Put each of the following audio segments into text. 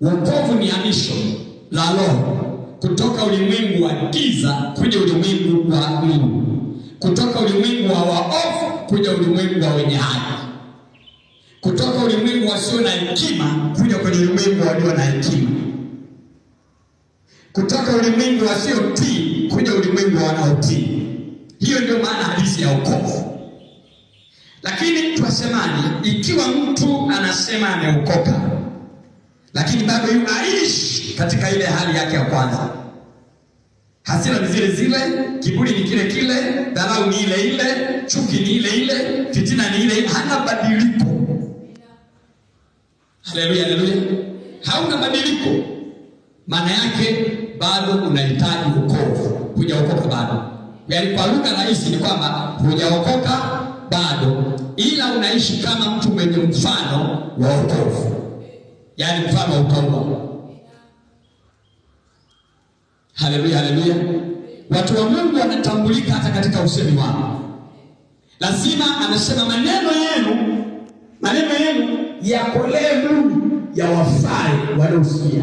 Wokovu ni hamisho la roho kutoka ulimwengu wa giza kuja ulimwengu wa nuru, kutoka ulimwengu wa waovu kuja ulimwengu wa wenye haki, kutoka ulimwengu wasio na hekima kuja kwenye ulimwengu walio na hekima, kutoka ulimwengu wasiotii kuja ulimwengu wa wanaotii. Hiyo ndio maana halisi ya wokovu. Lakini twasemaje ikiwa mtu anasema ameokoka lakini bado yu aishi katika ile hali yake ya kwanza. Hasira ni zile zile, kiburi ni kile kile, dharau ni ile ile, chuki ni ile ile, fitina ni ile ile, hana badiliko. Haleluya, haleluya! Hauna badiliko, maana yake bado unahitaji wokovu, hujaokoka bado. Yaani kwa lugha rahisi ni kwamba hujaokoka bado, ila unaishi kama mtu mwenye mfano wa wokovu yaani mfano ukaua. Haleluya, haleluya. Watu wa Mungu wanatambulika hata katika usemi wao. Lazima anasema maneno yenu, maneno yenu yakolee Mungu, yawafae wanaosikia.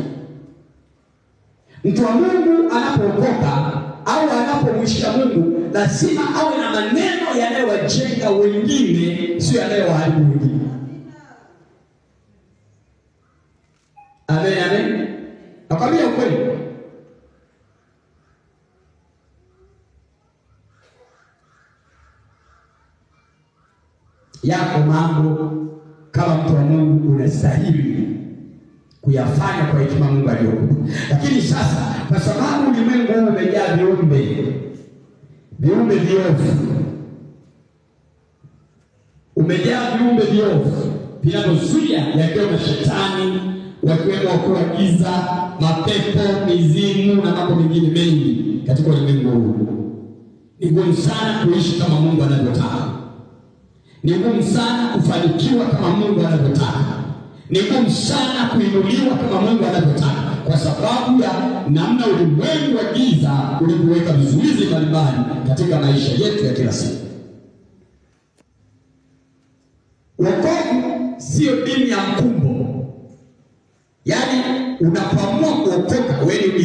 Mtu wa Mungu anapookoka au anapomwishia Mungu lazima awe na maneno yanayowajenga wengine, sio yanayowaharibu wengine. Amen, amen. Nakwambia ukweli. Yako mambo kama mtu wa Mungu unastahili kuyafanya kwa hekima Mungu aliyokupa, lakini sasa kwa sababu ulimwengu huu umejaa viumbe viumbe viovu, umejaa viumbe viovu vinavyozuia yakiwa na shetani yakiwemo kuwa giza, mapepo, mizimu na mambo mengine mengi katika ulimwengu huu. Ni ngumu sana kuishi kama Mungu anavyotaka. Ni ngumu sana kufanikiwa kama Mungu anavyotaka. Ni ngumu sana kuinuliwa kama Mungu anavyotaka, kwa sababu ya namna ulimwengu wa giza ulivyoweka vizuizi mbalimbali katika maisha yetu ya kila siku. Wokovu sio dini ya mkumbo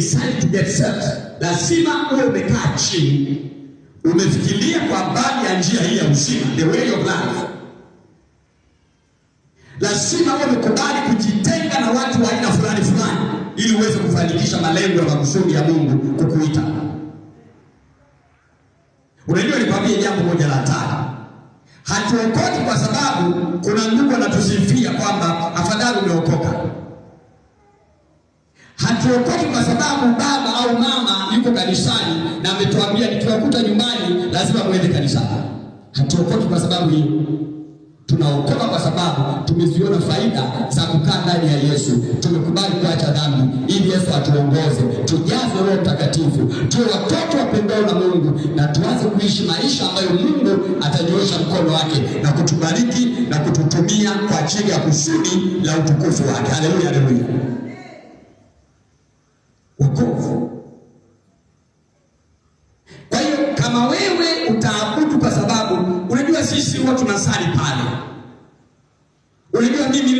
decide to get saved, lazima uwe umekaa chini umefikiria kwa habari ya njia hii ya uzima, the way of life. Lazima uwe umekubali kujitenga na watu wa aina fulani fulani, ili uweze kufanikisha malengo ya makusudi ya Mungu kukuita. Unajua, nikwambie jambo moja la tano, hatuokoki kwa sababu kuna ndugu anatusifia kwamba afadhali umeokoka hatuokoki kwa sababu baba au mama yuko kanisani na ametuambia nikiwakuta nyumbani lazima muende kanisani. Hatuokoki kwa sababu hii, tunaokoka kwa sababu tumeziona faida za kukaa ndani ya Yesu, tumekubali kuacha dhambi ili Yesu atuongoze, tujaze Roho Mtakatifu, tuwe watoto wapendao na Mungu na tuanze kuishi maisha ambayo Mungu atanyoosha mkono wake na kutubariki na kututumia kwa ajili ya kusudi la utukufu wake. Haleluya, haleluya.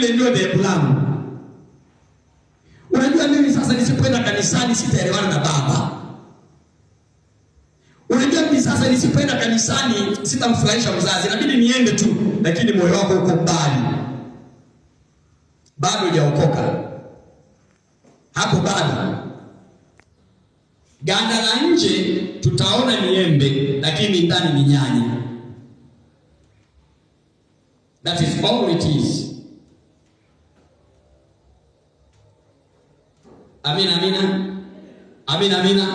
nimenunua dhehebu langu. Unajua mimi sasa nisipoenda kanisani sitaelewana na baba. Unajua mimi sasa nisipoenda kanisani sitamfurahisha mzazi, inabidi niende tu, lakini moyo wako uko mbali, bado hujaokoka hapo, bado ganda la nje tutaona niembe, lakini ndani ni nyanya. That is all it is. Amina, amina, amina, amina.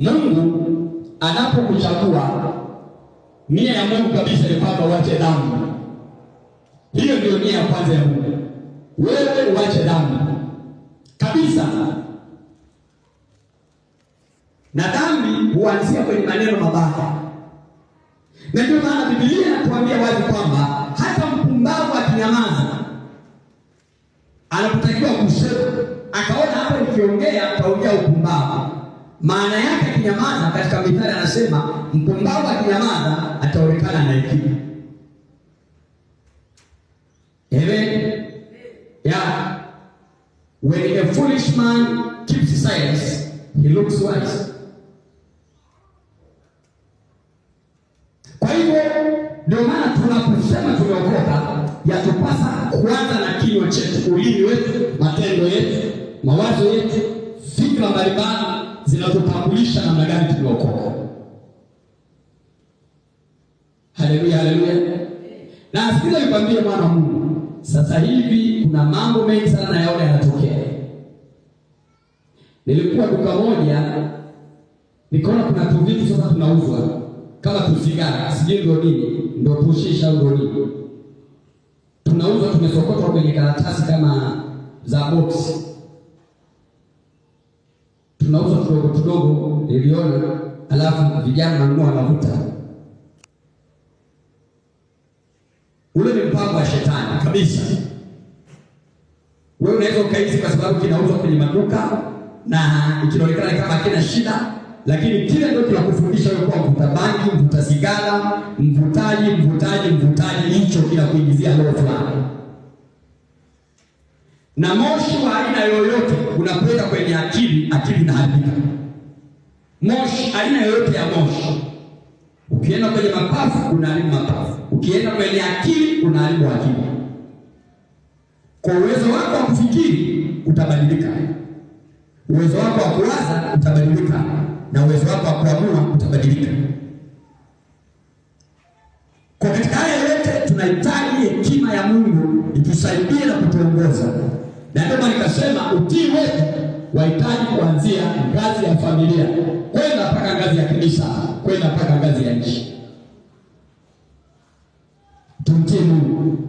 Mungu anapokuchagua nia ya Mungu kabisa ni kwamba uache damu. Hiyo ndio nia ya kwanza ya Mungu, wewe uache damu kabisa, na dhambi huanzia kwenye maneno mabaya, na ndio maana Biblia inatuambia wazi kwamba hata mpumbavu akinyamaza ukiongea utaongea upumbavu. Maana yake kinyamaza, katika Mithali anasema mpumbavu akinyamaza ataonekana na hekima. Amen. Yeah. When a foolish man keeps silence, he looks wise. Kwa hivyo ndio maana tunaposema tumeokoka, yatupasa kuanza na kinywa chetu, ulimi wetu, matendo yetu mawazo yetu, fikra mbalimbali zinazotambulisha namna gani tuliokoka. Haleluya, haleluya. Na asikiza nikwambie, mwana Mungu, sasa hivi kuna mambo mengi sana nayaona yanatokea. Nilikuwa duka moja nikaona kuna tuvitu sasa tunauzwa kama tusigara, sijui ndo nini, ndo pushish ndo nini, tunauzwa tumesokotwa kwenye karatasi kama za boksi tunauza tudogo tudogo, niliona alafu vijana wanunua wanavuta. Ule ni mpango wa shetani kabisa. Wewe unaweza ukaizi kwa sababu kinauzwa kwenye maduka na ikionekana kama kina shida, lakini kile ndio kinakufundisha wewe kuwa mvuta bangi, mvuta sigara, mvutaji, mvutaji, mvutaji, hicho kinakuingizia roho fulani na moshi wa aina yoyote unakwenda kwenye akili, akili inaharibika. Moshi, aina yoyote ya moshi, ukienda kwenye mapafu unaharibu mapafu, ukienda kwenye akili unaharibu akili. Kwa uwezo wako wa kufikiri utabadilika, uwezo wako wa kuwaza utabadilika, na uwezo wako wa kuamua utabadilika. Kwa katika haya yote tunahitaji hekima ya Mungu itusaidie na kutuongoza na ndio maana nikasema utii wetu wahitaji kuanzia ngazi ya familia kwenda mpaka ngazi ya kanisa kwenda mpaka ngazi ya nchi. Tumtii Mungu.